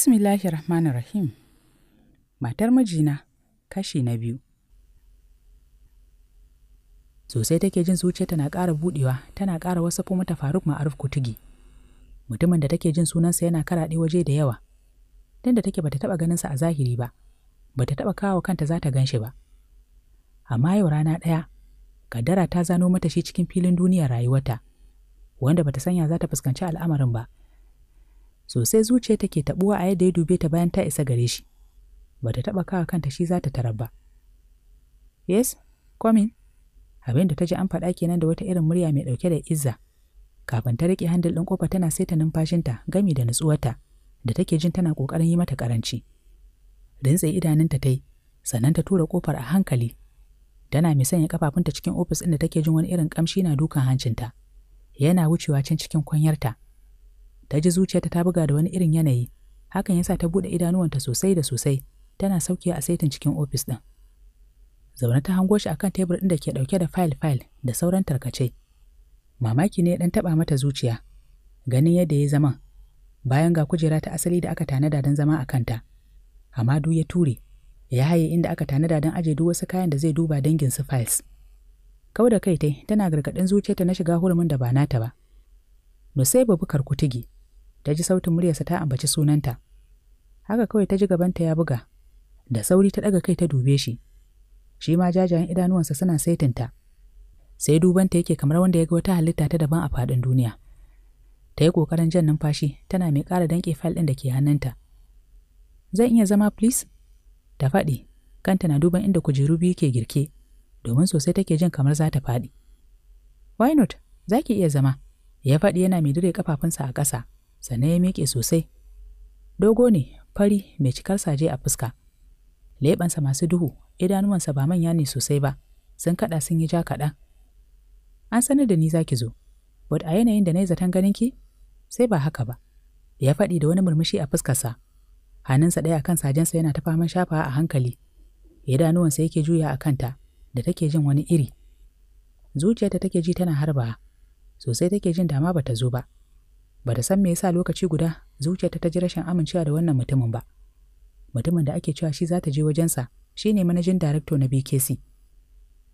Bismillahi Rahmanir Rahim. Matar mijina, kashi na biyu. Sosai take jin zuciya tana ƙara buɗewa, tana ƙara wasafo mata Faruk Ma'aruf Kutugi. Mutumin da take jin sunansa yana karaɗe waje da yawa. Dan da take bata taɓa ganinsa a zahiri ba, bata taɓa kawo kanta za ta gan shi ba. Amma yau rana ɗaya, kaddara ta zano mata shi cikin filin duniyar rayuwarta, wanda bata sanya za ta fuskanci al'amarin ba. sosai zuciya take tabuwa a yadda ya dube ta bayan ta isa gare shi ba ta taɓa kawa kanta shi za ta tarar ba yes komin abin da ta ji an faɗa kenan da wata irin murya mai ɗauke da izza kafin ta riƙe handil ɗin ƙofa tana saita numfashinta gami da nutsuwarta da take jin tana ƙoƙarin yi mata ƙaranci rintse idanunta ta yi sannan ta tura ƙofar a hankali tana mai sanya kafafunta cikin ofis ɗin da take jin wani irin ƙamshi na dukan hancinta yana wucewa can cikin kwanyarta ta ji zuciyarta ta buga da wani irin yanayi hakan yasa ta buɗe idanuwanta sosai da sosai tana sauke a saitin cikin ofis ɗin zaune ta hango shi akan tebur ɗin da ke ɗauke da fayil-fayil da sauran tarkace mamaki ne ɗan taɓa mata zuciya ganin yadda ya zama bayan ga kujera ta asali da aka tanada don zama a kanta du ya ture ya haye inda aka tanada don aje duk wasu kayan da zai duba dangin su files kau da kai tai tana gargaɗin zuciyarta na shiga hurumin da ba nata ba Nusaiba Bukar Kutigi ta ji sautin muryarsa ta ambaci sunanta. Haka kawai ta ji gabanta ya buga, da sauri ta ɗaga kai ta dube shi. Shi ma jajayen idanuwansa suna saitin ta. Sai dubanta yake kamar wanda ya ga wata halitta ta daban a faɗin duniya. Ta yi ƙoƙarin jan numfashi tana mai ƙara danƙe fayil ɗin da ke hannunta. Zan iya zama please? Ta faɗi, kanta na duban inda kujeru biyu ke girke, domin sosai take jin kamar za ta faɗi. Why not? Za ki iya zama, ya faɗi yana mai dire kafafunsa a ƙasa. sannan ya miƙe sosai dogo ne fari mai cikar saje a fuska leɓansa masu duhu idanuwansa ba manya ne sosai ba sun kaɗa sun yi ja kaɗan an sanar da ni za ki zo but a yanayin da na yi zaton ganin ki sai ba haka ba ya faɗi da wani murmushi a fuskarsa hannunsa ɗaya akan sajensa yana ta faman shafa a hankali idanuwansa yake juya a kanta da take jin wani iri zuciyarta take ji tana harba sosai take jin dama bata zo ba ba ta san me yasa lokaci guda zuciyarta ta ji rashin amincewa da wannan mutumin ba mutumin da ake cewa shi za ta je wajensa shi ne manajin darakto na BKC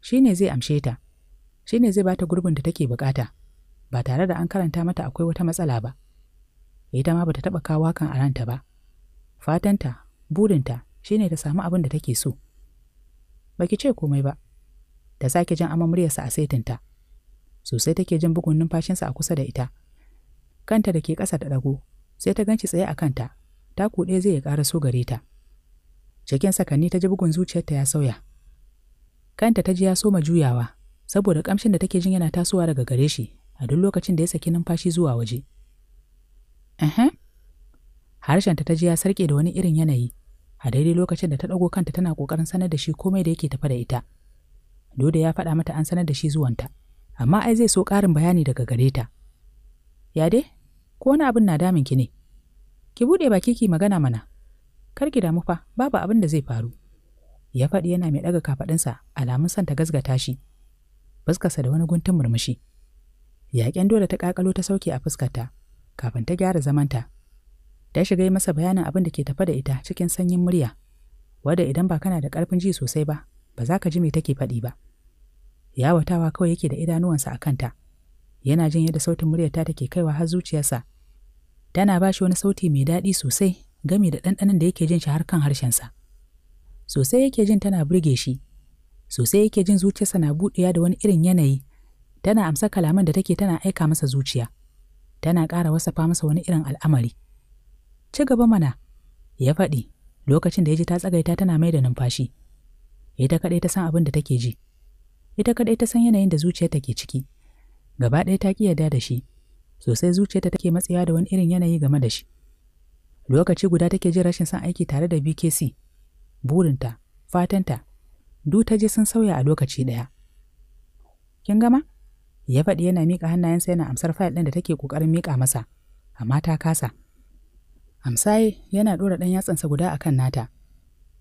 shi ne zai amshe ta shi ne zai bata gurbin da take bukata ba tare da an karanta mata akwai wata matsala ba ita ma bata taɓa kawo kan a ranta ba fatanta burinta ne ta samu abin da take so baki ce komai ba ta sake jin aman muryarsa a saitinta sosai take jin bugun numfashinsa a kusa da ita kanta da ke ƙasa da ɗago sai ta ganci tsaye a kanta ta kuɗe zai ya ƙara so gare ta cikin sakanni ta ji bugun zuciyarta ya sauya kanta ta ji ya soma juyawa saboda ƙamshin da take jin yana tasowa daga gare shi a duk lokacin da ya saki numfashi zuwa waje harshenta ta ji ya sarƙe da wani irin yanayi a daidai lokacin da ta ɗago kanta tana ƙoƙarin sanar da shi komai da yake tafa da ita Doda ya faɗa mata an sanar da shi zuwanta amma ai zai so ƙarin bayani daga gare ta ya dai ko wani abin na damun ki ne ki buɗe baki ki magana mana kar ki damu fa babu abin da zai faru ya faɗi yana mai ɗaga kafaɗinsa alamun son ta gasgata shi fuskarsa da wani guntun murmushi yaƙen dole ta ƙaƙalo ta sauke a fuskarta kafin ta gyara zamanta ta shiga yi masa bayanin abin da ke tafa da ita cikin sanyin murya wadda idan ba kana da ƙarfin ji sosai ba ba za ka ji me take faɗi ba yawatawa kawai yake da idanuwansa a kanta yana jin yadda sautin muryarta take kaiwa har zuciyarsa tana ba shi wani sauti mai daɗi sosai gami da ɗanɗanon da yake jin shi har kan harshensa sosai yake jin tana burge shi sosai yake jin zuciyarsa na buɗewa da wani irin yanayi tana amsa kalaman da take tana aika masa zuciya tana ƙara wasafa masa wani irin al'amari ci gaba mana ya faɗi lokacin da ya ji ta tsagaita tana mai da numfashi ita kaɗai ta san abin da take ji ita kaɗai ta san yanayin da zuciyarta ke ciki gaba ɗaya ta ƙi yarda da shi sosai zuciyarta take matsaya da wani irin yanayi game da shi lokaci guda take jin rashin son aiki tare da bkc burinta fatanta duk ta ji sun sauya a lokaci ɗaya kin gama ya faɗi yana miƙa hannayensa yana amsar fayil ɗin da take ƙoƙarin mika masa amma ta kasa amsaye yana ɗora ɗan yatsansa guda akan nata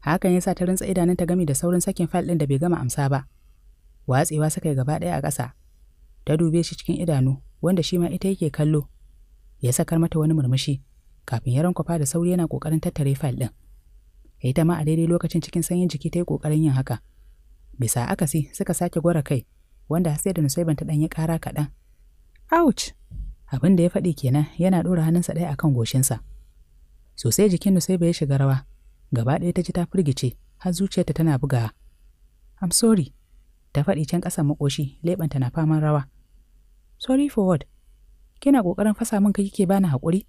hakan ya sa ta rintsa idanunta gami da saurin sakin fayil ɗin da bai gama amsa ba watsewa suka yi gaba ɗaya a ƙasa ta dube shi cikin idanu wanda shi ma ita yake kallo ya sakar mata wani murmushi kafin ya rankwafa da sauri yana kokarin tattare fayil ɗin ita ma a daidai lokacin cikin sanyin jiki ta yi kokarin yin haka bisa akasi suka sake gwara kai wanda sai da nusaiban ta ɗan ya kara kaɗan ouch abin da ya faɗi kenan yana ɗora hannunsa ɗaya akan goshinsa sosai jikin nusaiba ya shiga rawa gaba ɗaya ta ji ta firgice har zuciyarta tana bugawa I'm sorry, ta faɗi can ƙasan makoshi leɓanta na faman rawa. Sorry for what? Kina ƙoƙarin fasa min kai kike bani hakuri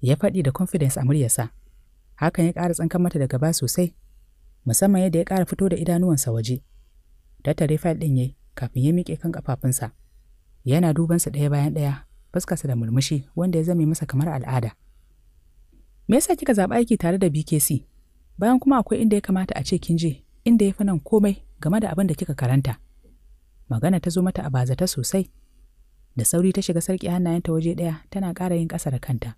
Ya faɗi da confidence a muryarsa. Hakan ya ƙara tsankan mata da gaba sosai, musamman yadda ya ƙara fito da idanuwansa waje. Dattare fayil ɗin yayi kafin ya miƙe kan kafafunsa. Yana dubansa ɗaya bayan ɗaya, fuskarsa da murmushi wanda ya zame masa kamar al'ada. Me yasa kika zaɓi aiki tare da BKC? Bayan kuma akwai inda ya kamata a ce kin je, inda ya fi nan komai game da abin da kika karanta. Magana ta zo mata a bazata sosai, da sauri ta shiga sarki hannayenta waje ɗaya tana ƙara yin ƙasa da kanta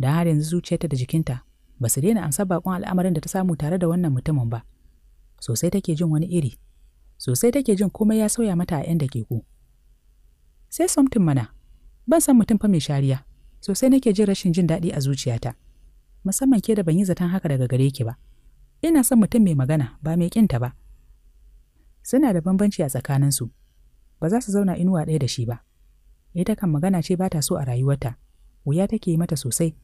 da har yanzu zuciyarta da jikinta ba su daina amsa bakon al'amarin da ta samu tare da wannan mutumin ba sosai take jin wani iri sosai take jin komai ya sauya mata a 'yan dakiku sai somtin mana ban san mutum fa mai shariya sosai nake jin rashin jin daɗi a zuciyata musamman ke da ban yi zaton haka daga gare ki ba ina son mutum mai magana ba mai ƙinta ba suna da bambanci a tsakaninsu ba za su zauna inuwa ɗaya da shi ba ita eh, kan magana ce ba ta so a rayuwarta wuya take yi mata sosai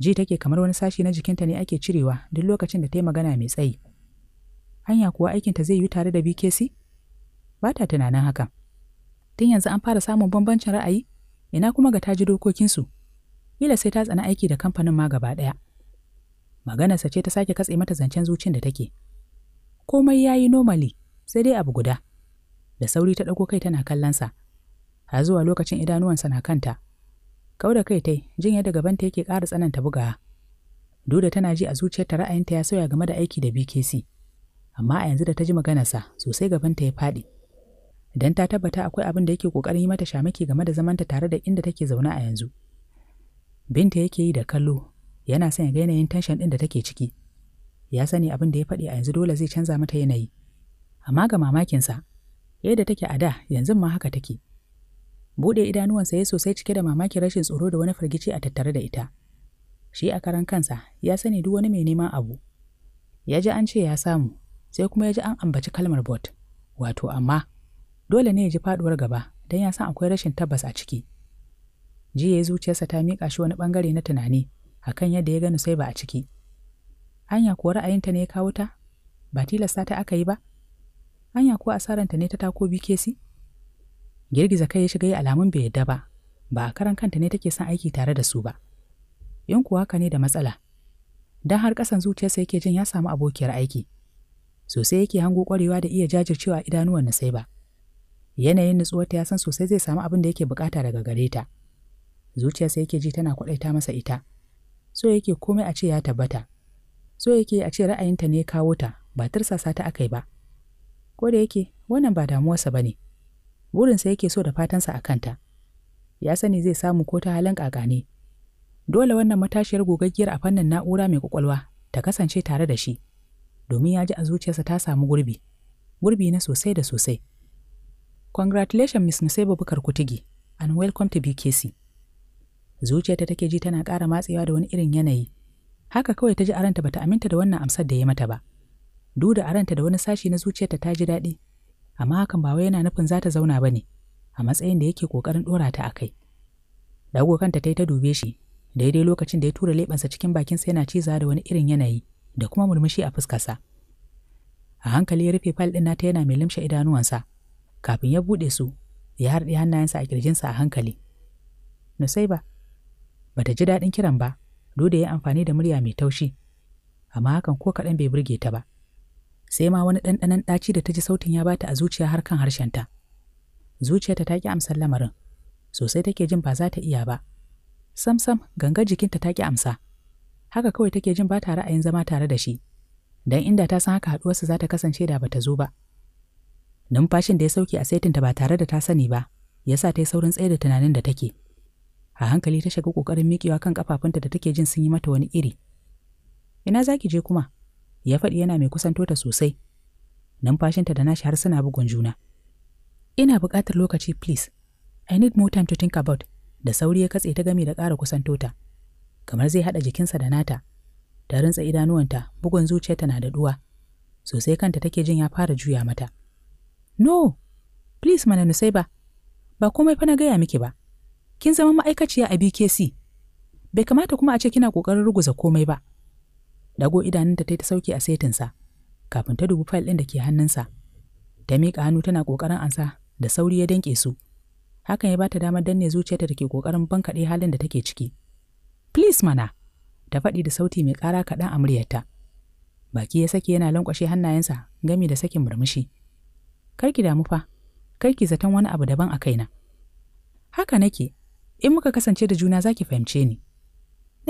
ji take kamar wani sashi na jikinta ne ake cirewa duk lokacin da ta yi magana mai tsayi hanya kuwa aikinta zai yi tare da bkc ba ta tunanin haka tun yanzu an fara samun bambancin ra'ayi ina kuma ga ta ji dokokinsu kila sai ta tsana aiki da kamfanin ma gaba ɗaya maganarsa ce ta sake katse mata zancen zucin da take komai ya yi nomali sai dai abu guda da sauri ta ɗauko kai tana kallon sa har zuwa lokacin idanuwansa na kanta. Kau da kai tai, jin yadda gabanta yake ƙara tsananta bugawa. Duda tana ji a zuciyarta ra'ayinta ya sauya game da aiki da BKC. Amma a yanzu da ta ji maganarsa sosai gabanta ya faɗi. Idan ta tabbata akwai abin da yake ƙoƙarin yi mata shamaki game da zamanta tare da inda take zaune a yanzu. Binta yake yi da kallo, yana son ya ga yanayin tension ɗin da take ciki. Ya sani abin da ya faɗi a yanzu dole zai canza mata yanayi. Amma ga mamakinsa, yadda take a da yanzu ma haka take. Buɗe idanuwansa ya sosai cike da mamakin rashin tsoro da wani firgici a tattare da ita. Shi a karan kansa ya sani duk wani mai neman abu. Ya ji an ce ya samu, sai kuma ya ji an ambaci kalmar bot, wato amma. Dole ne ya ji faɗuwar gaba, don ya san akwai rashin tabbas a ciki. Jiya zuciyarsa ta miƙa shi wani ɓangare na tunani akan yadda ya gani sai ba a ciki. Anya kuwa ra'ayinta ne ya kawo ta? Ba tilasta ta aka yi ba? Anya kuwa asaranta ne ta tako kesi? girgiza kai ya shiga yi alamun bai yadda ba ba a karan kanta ne take son aiki tare da su ba yin kuwa haka ne da matsala don har ƙasan zuciyarsa yake jin ya samu abokiyar aiki sosai yake hango kwarewa da iya jajircewa idanuwan na sai ba yanayin nutsuwarta ya san sosai zai samu abin da yake bukata daga gare ta zuciyarsa yake ji tana kwaɗaita masa ita so yake komai a ce ya tabbata so yake a ce ra'ayinta ne kawo ta ba tirsasa ta aka yi ba ko da yake wannan ba damuwarsa ba ne burinsa yake so da fatansa a kanta ya sani zai samu ko ta halin ƙaƙa ne dole wannan matashiyar gogaggiyar a fannin na'ura mai kwakwalwa ta kasance tare da shi domin ya ji a zuciyarsa ta samu gurbi gurbi na sosai da sosai congratulations miss nusaiba bukar kutigi and welcome to bkc zuciyarta take ji tana ƙara matsewa da wani irin yanayi haka kawai ta ji aranta bata aminta da wannan amsar da ya mata ba Duda da aranta da wani sashi na zuciyarta ta ji daɗi amma hakan ba wai yana nufin za ta zauna ba ne, a matsayin da yake ƙoƙarin ɗora ta a kai. Dago kanta ta yi ta dube shi, daidai lokacin da ya tura leɓensa cikin bakinsa yana ciza da wani irin yanayi da kuma murmushi a fuskarsa. A hankali ya rufe fal ɗin nata yana mai limshe idanuwansa, kafin ya buɗe su, ya harɗe hannayensa a ƙirjinsa a hankali. Nusaiba, ba ta ji daɗin kiran ba, dole ya yi amfani da murya mai taushi, amma hakan ko kaɗan bai burge ta ba. sai ma wani ɗanɗanon ɗaci da ta ji sautin ya bata a zuciya har kan harshenta. Zuciyarta ta ƙi amsar lamarin, sosai take jin ba za ta iya ba. Sam-sam gangar jikinta ta ƙi amsa, haka kawai take jin ba ta ra'ayin zama tare da shi, don inda ta san haka haɗuwarsa za ta kasance da bata zo ba. Numfashin da ya sauke a saitinta ba tare da ta sani ba, ya sa ta yi saurin tsaye da tunanin da take. A hankali ta shiga ƙoƙarin miƙewa kan ƙafafunta da take jin sun yi mata wani iri. Ina za ki je kuma? ya faɗi yana mai kusanto ta sosai numfashinta da nashi har suna bugun juna ina buƙatar lokaci please i need more time to think about da sauri ya katse ta gami da ƙara kusanto ta kamar zai haɗa jikinsa da nata ta rintsa idanuwanta bugun zuciyarta na da duwa sosai kanta take jin ya fara juya mata no please mana ba ba komai fa na gaya miki ba kin zama ma'aikaciya a bkc bai kamata kuma a ce kina ƙoƙarin ruguza komai ba Dago idanunta ta yi ta sauke a setinsa, kafin ta dubi fayil ɗin da ke hannunsa. Ta miƙa hannu tana ƙoƙarin ansa da sauri ya danƙe su. Hakan ya ba ta damar danne zuciyarta da ke ƙoƙarin bankaɗe halin da take ciki. Please mana, ta faɗi da sauti mai ƙara kaɗan a muryarta. Baki ya sake yana lankwashe hannayensa gami da sakin murmushi. Kar ki damu fa, kar ki zaton wani abu daban a kaina. Haka nake, in muka kasance da juna za ki fahimce ni.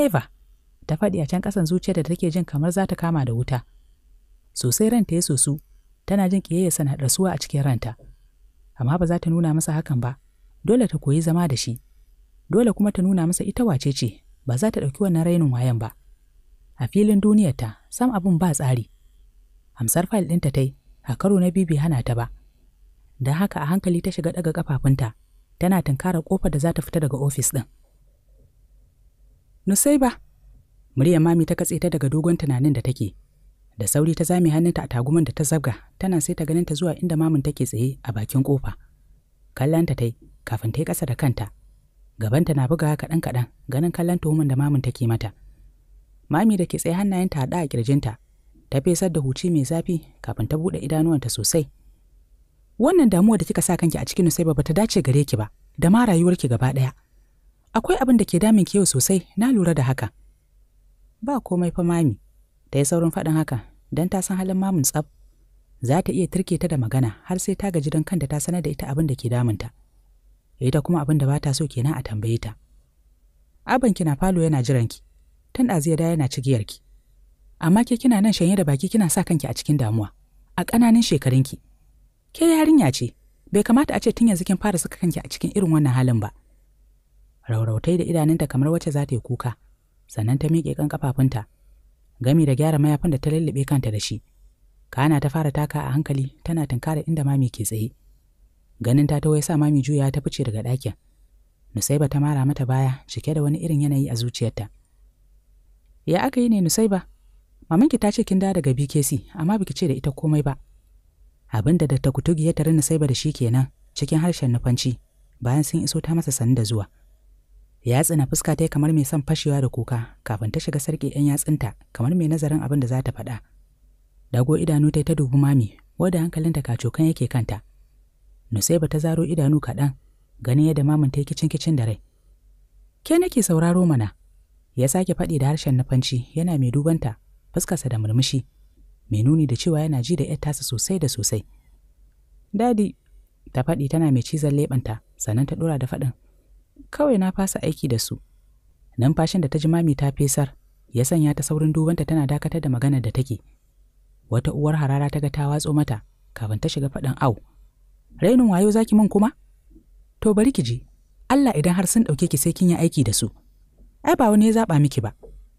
Never. ta faɗi a can ƙasan zuciyar da take jin kamar za ta kama da wuta sosai ranta ya sosu tana jin ƙiyayya sana rasuwa a cikin ranta amma ba za ta nuna masa hakan ba dole ta koyi zama da shi dole kuma ta nuna masa ita wace ce ba za ta ɗauki wannan rainin wayan ba a filin duniyarta sam abin ba tsari amsar fayil ɗinta ta yi a karo na bibi hana ta ba don haka a hankali ta shiga ɗaga ƙafafunta tana tunkara ƙofar da za ta fita daga ofis ɗin. ba. Muryar mami ta katse ta daga dogon tunanin da take. Da sauri ta zame hannunta a taguman da ta zabga, tana sai ta ganin ta zuwa inda mamin take tsaye a bakin kofa. Kallanta ta yi, kafin ta yi ƙasa da kanta. Gabanta na bugawa kaɗan kaɗan, ganin kallon tuhumin da mamin take mata. Mami da ke tsaye hannayenta haɗa a ƙirjinta, ta fesar da huci mai zafi kafin ta buɗe idanuwanta sosai. Wannan damuwa da kika sa kanki a cikin sai ba ta dace gare ki ba, da ma rayuwarki gaba ɗaya. Akwai abin da ke damin ki yau sosai, na lura da haka. ba komai fa mami ta yi saurin faɗin haka don ta san halin mamun tsaf za ta iya turke ta da magana har sai ta gaji don kanta ta sanar da ita abin da ke damunta ita kuma abin da ba ta so kenan a tambaye ta aban kina falo yana jiranki tun ɗazu da yana cigiyarki amma ke kina nan shanye da baki kina sa kanki a cikin damuwa a ƙananan shekarunki ke yarinya ce bai kamata a ce tun yanzu kin fara saka kanki a cikin irin wannan halin ba raurautai da idanunta kamar wacce za ta yi kuka sannan ta miƙe kan kafafunta gami da gyara mayafin da ta lullube kanta da shi kana ta fara taka a hankali tana tunkara inda mami ke tsaye ganin ta ta sa mami juya ta fice daga ɗakin nusaiba ta mara mata baya cike da wani irin yanayi a zuciyarta ya aka yi ne nusaiba mamanki ta ce kin da daga bkc amma biki ce da ita komai ba abin da ta kutugi ya tare nusaiba da shi kenan cikin harshen nufanci bayan sun iso ta masa da zuwa ya tsina fuska ta kamar mai son fashewa da kuka kafin ta shiga sarki 'yan yatsunta kamar mai nazarin abin da za ta faɗa dago idanu ta ta dubi mami wadda hankalinta kacokan yake kanta nusaiba ta zaro idanu kaɗan ganin yadda mamin ta yi kicin kicin da rai ke nake sauraro mana ya sake faɗi da harshen nufanci yana mai dubanta fuskarsa da murmushi mai nuni da cewa yana ji da ‘yar tasa sosai da sosai dadi ta faɗi tana mai cizon leɓanta sannan ta ɗora da faɗin kawai na fasa aiki da su numfashin da ta ji mami ta fesar ya sanya ta saurin dubanta tana dakatar da maganar da take wata uwar harara ta ga ta watso mata kafin ta shiga faɗin au rainin wayo zaki min kuma to bari ki ji Allah idan har sun ɗauke ki sai kin yi aiki da su ai ba wani ya zaɓa miki ba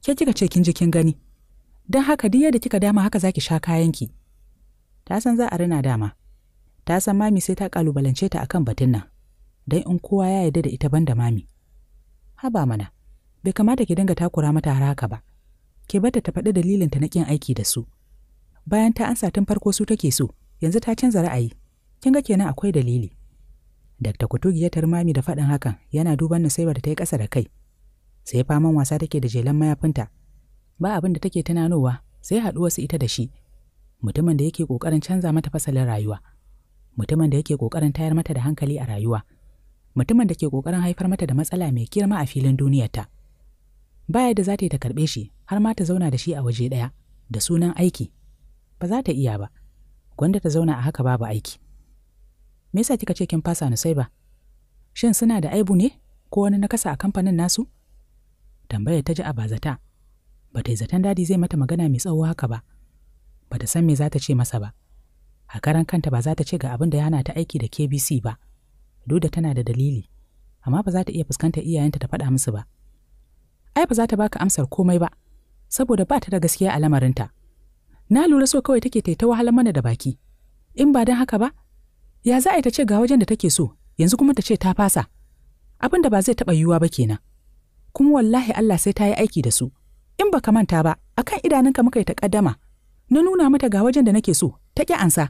ke kika ce kin ji kin gani don haka duk yadda kika dama haka zaki sha kayanki ta san za a rina dama ta san mami sai ta kalubalance ta akan batun nan don in kowa ya yarda da ita ban da mami. Haba mana, bai kamata ki dinga takura mata har haka ba. Ke bata ta faɗi dalilinta na ƙin aiki da su. Bayan ta ansa tun farko su take so, yanzu ta canza ra'ayi. Kin ga kenan akwai dalili. Dr. Kutugi ya tarmami da faɗin hakan yana duban sai da ta yi ƙasa da kai. Sai faman wasa take da jelan mayafinta. Ba abin da take tunanowa sai wasu ita da shi. Mutumin da yake ƙoƙarin canza mata fasalin rayuwa. Mutumin da yake ƙoƙarin tayar mata da hankali a rayuwa. mutumin da ke ƙoƙarin haifar mata da matsala mai girma a filin duniyarta. Baya da za ta yi ta karɓe shi har ma ta zauna da shi a waje ɗaya da sunan aiki. Ba za ta iya ba, gwanda ta zauna a haka babu aiki. Me yasa kika ce kin fasa ni sai ba? Shin suna da aibu ne ko wani nakasa a kamfanin nasu? Tambayar ta ji a bazata. Ba ta yi zaton dadi zai mata magana mai tsawo haka ba. Ba ta san me za ta ce masa ba. A karan kanta ba za ta ce ga abin da ya hana ta aiki da KBC ba. duk tana da dalili amma ba za ta iya fuskantar iyayenta ta faɗa musu ba ai ba za ta baka amsar komai ba saboda ba ta da gaskiya a lamarinta na lura so kawai take ta wahalar mana da baki in ba don haka ba ya za a ta ce ga wajen da take so yanzu kuma ta ce ta fasa abin da ba zai taɓa yiwuwa ba kenan kuma wallahi Allah sai ta yi aiki da su in ba ka manta ba akan idanunka muka yi ta ƙaddama na nuna mata ga wajen da nake so ta ƙi ansa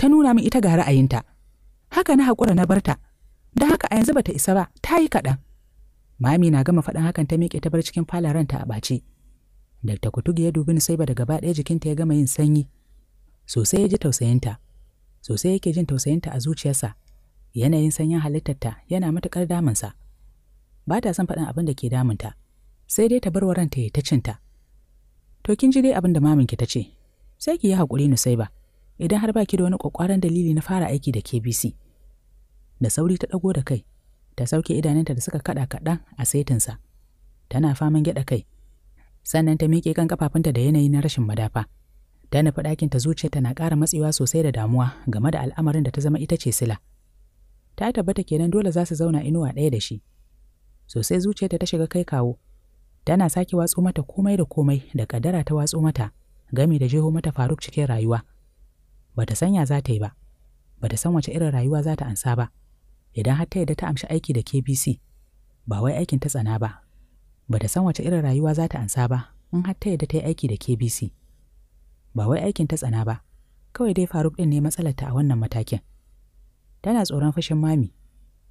ta nuna min ita ga ra'ayinta haka na haƙura na barta don haka a yanzu bata isa ba ta yi kaɗan mami na gama faɗin hakan ta miƙe ta bar cikin falaranta a ɓace Dr. Kutugi ya dubi ni sai ba da gaba ɗaya jikinta ya gama yin sanyi. Sosai ya ji tausayinta, sosai yake jin tausayinta a zuciyarsa, yanayin sanyin halittarta yana matuƙar damunsa. Ba ta son faɗin abin da ke damunta, sai dai ta bar wa ya ta cinta. To kin ji dai abin da maminki ta ce, sai ki yi haƙuri ba idan har ba ki da wani ƙwaƙwaran dalili na fara aiki da KBC. da sauri ta ɗago da kai ta sauke idanunta da suka kaɗa kaɗan a saitinsa tana faman gyaɗa kai sannan ta miƙe kan kafafunta da yanayi na rashin madafa ta nufi ɗakin ta zuciyarta na ƙara matsewa sosai da damuwa game da al'amarin da ta zama ita ce sila ta tabbata kenan dole za su zauna inuwa ɗaya da shi sosai zuciyarta ta shiga kai kawo tana sake watso mata komai da komai da kadara ta watso mata gami da jeho mata faruk cikin rayuwa bata sanya za ta yi ba bata san wace irin rayuwa za ta ansa ba idan har ta yadda ta amshi aiki da KBC ba wai aikin ta tsana ba ba ta san wace irin rayuwa za ta ansa ba in har ta yadda ta yi aiki da KBC ba wai aikin ta tsana ba kawai dai Faruk din ne matsalar ta a wannan matakin tana tsoron fashin mami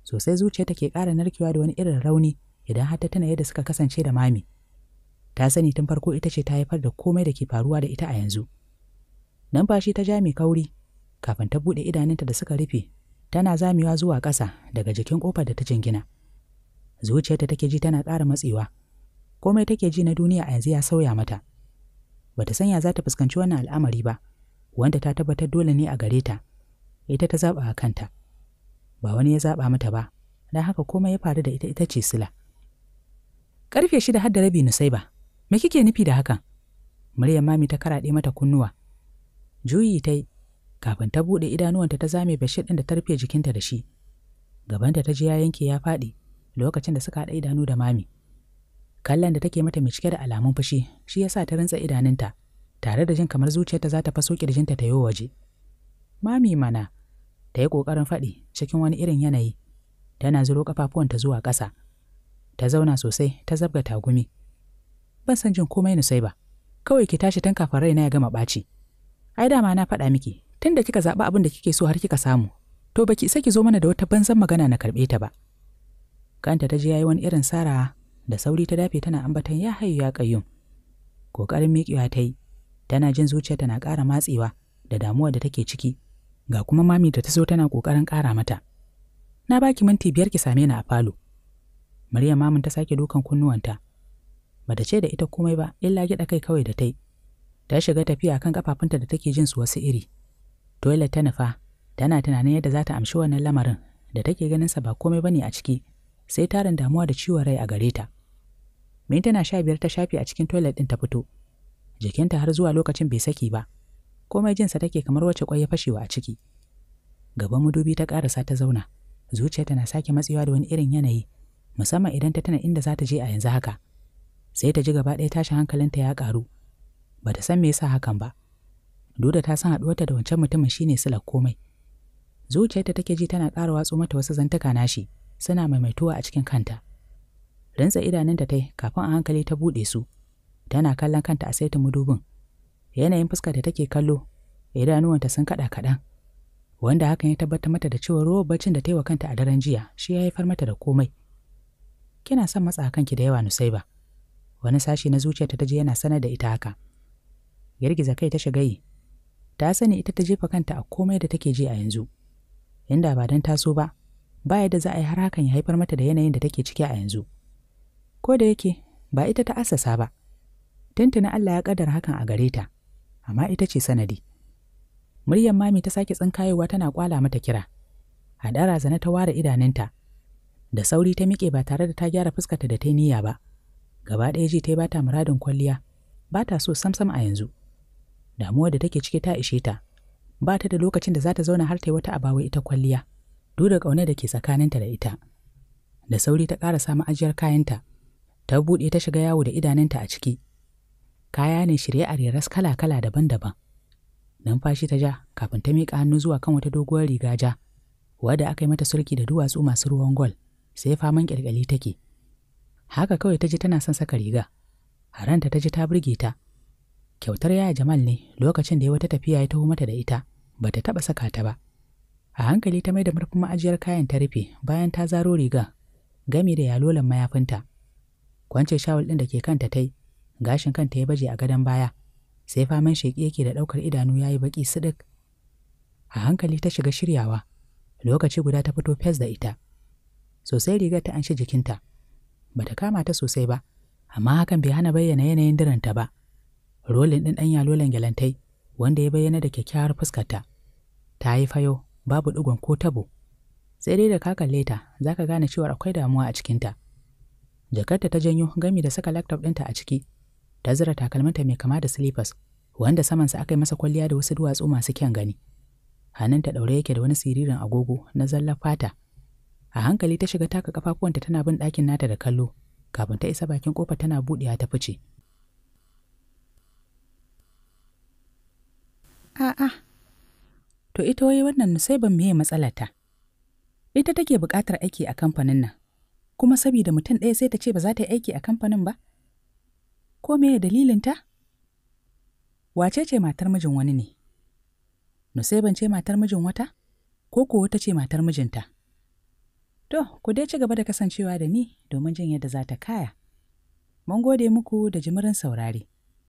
sosai zuciya take ƙara narkewa da wani irin rauni idan har ta tana yadda suka kasance da mami ta sani tun farko ita ce ta haifar da komai da ke faruwa da ita a yanzu numfashi ta ja mai kauri kafin ta buɗe idanunta da suka rufe tana zamewa zuwa ƙasa daga jikin ƙofar da ta jingina. Zuciyarta take ji tana ƙara matsewa, komai take ji na duniya a yanzu ya sauya mata. Bata sanya za ta fuskanci wannan al'amari ba, wanda ta tabbatar dole ne a gare ta, ita ta zaɓa a kanta. Ba wani ya zaɓa mata ba, don haka komai ya faru da ita ita ce sila. Ƙarfe shida har da rabi ba, me kike nufi da hakan? Muryar mami ta karaɗe mata kunnuwa. Juyi ta yi, kafin ta buɗe idanuwanta ta zame bashir ɗin da ta rufe jikinta da shi gabanta ta ji ya yanke ya faɗi lokacin da suka haɗa idanu da mami kallon da take mata mai cike da alamun fushi shi yasa ta rintsa idanunta tare da jin kamar zuciyarta za ta faso kirjinta ta yi waje mami mana ta yi ƙoƙarin faɗi cikin wani irin yanayi tana zuro ƙafafuwanta zuwa ƙasa ta zauna sosai ta zabga tagumi ban san jin komai na sai ba kawai ki tashi tun kafin raina ya gama ɓaci ai dama na faɗa miki Tun da kika zaɓi abin da kike so har kika samu to baki isa ki zo mana da wata banzan magana na karɓe ta ba kanta ta ji yayi wani irin sara da sauri ta dafe tana ambatan ya hayu ya kayyum kokarin miƙewa ta yi tana jin zuciyarta na ƙara matsewa da damuwa da take ciki ga kuma mami da ta zo tana kokarin ƙara mata na baki minti biyar ki same ni a falo Maryam mamin ta sake dukan kunnuwanta Ba bata ce da ita komai ba illa gida kai kawai da tai ta shiga tafiya kan kafafunta da take jin su wasu iri Toilet ta nufa, tana tunanin yadda za ta amshi wannan lamarin da take ganin sa ba komai ba ne a ciki, sai tarin damuwa da ciwon rai a gare ta. Mintuna sha biyar ta shafe a cikin toilet ɗin ta fito. Jikinta har zuwa lokacin bai saki ba, komai jinsa take kamar wacce kwai ya fashewa a ciki. Gaban madubi ta ƙarasa ta zauna, zuciya tana sake matsewa da wani irin yanayi, musamman idan ta tana inda za ta je a yanzu haka. Sai ta ji gaba ɗaya tashin hankalinta ya ƙaru, ba ta san me yasa hakan ba. Duda ta san haɗuwarta da wancan mutumin shine silar komai. Zuciyarta take ji tana ƙara watso mata wasu zantaka nashi, suna maimaituwa a cikin kanta. Rantsa idanunta tai kafin a hankali ta buɗe su. Tana kallon kanta a saitin mudubin. Yanayin fuskar da take kallo, idanuwanta sun kaɗa kaɗan. Wanda hakan ya tabbatar mata da cewa ruwan baccin da ta yi wa kanta a daren jiya shi ya haifar mata da komai. Kina son matsa kanki da yawa Nusaiba. Wani sashi na zuciyarta ta je yana sanar da ita haka. Girgiza kai ta shiga yi, ta sani ita ta jefa kanta a komai da take ji a yanzu inda ba don taso ba ba yadda za a yi har hakan ya haifar mata da yanayin da take ciki a yanzu ko da yake ba ita ta assasa ba tuntuna Allah ya kaddara hakan a gare ta amma ita ce sanadi muryar mami ta sake tsinkayewa tana kwala mata kira a dara ta ware idanunta da sauri ta miƙe ba tare da ta gyara fuskarta da ta niyya ba gaba ɗaya ji ta ba ta muradin kwalliya ba ta so samsam a yanzu damuwar da take ciki ta ishe ta ba ta da lokacin da za ta zauna har ta yi wata abawai ita kwalliya duk da ƙaunar da ke tsakaninta da ita da sauri ta ƙara samun ajiyar kayanta ta buɗe ta shiga yawo da idanunta a ciki kaya ne shirye a reras kala-kala daban-daban numfashi ta ja kafin ta miƙa hannu zuwa kan wata doguwar riga ja wadda aka yi mata sulki da duwatsu masu ruwan gwal sai faman ƙyalƙyali take haka kawai ta ji tana son saka riga haranta ta ji ta burge ta kyautar yaya Jamal ne lokacin da ya wata tafiya ya taho mata da ita, ba ta taɓa saka ta ba. A hankali ta mai da murfin ma'ajiyar kayan ta rufe bayan ta zaro riga, gami da yalolan mayafinta. Kwance shawul ɗin da ke kanta ta yi, gashin kanta ya baje a gadon baya, sai faman sheƙi yake da ɗaukar idanu ya yi baƙi siɗik. A hankali ta shiga shiryawa, lokaci guda ta fito fes da ita. Sosai rigar ta an shi jikinta, ba ta kama ta sosai ba, amma hakan bai hana bayyana yanayin diranta ba. rolin ɗin ɗan lolan gyalantai wanda ya bayyana da kyakkyawar fuskarta ta yi fayo babu ɗigon ko tabo sai dai da ka kalle ta za ka gane cewa akwai damuwa a cikinta jakarta ta janyo gami da saka laptop ɗinta a ciki ta zira takalminta mai kama da slippers wanda samansa aka yi masa kwalliya da wasu duwatsu masu kyan gani Hannun ta ɗaure yake da wani siririn agogo na zallar fata a hankali ta shiga taka kafafuwanta tana bin ɗakin nata da kallo kafin ta isa bakin kofa tana buɗewa ta fice. A'a. To ita wai wannan sai ban meye ta. Ita take buƙatar aiki a kamfanin nan, kuma saboda mutum ɗaya sai ta ce ba za ta yi aiki a kamfanin ba? Ko dalilin dalilinta? Wace ce matar mijin wani ne? Nusaiban ce matar mijin wata? Ko ko wata ce matar mijinta? To, ku dai ci gaba da kasancewa da ni domin jin yadda za ta kaya. Mun gode muku da jimirin saurari.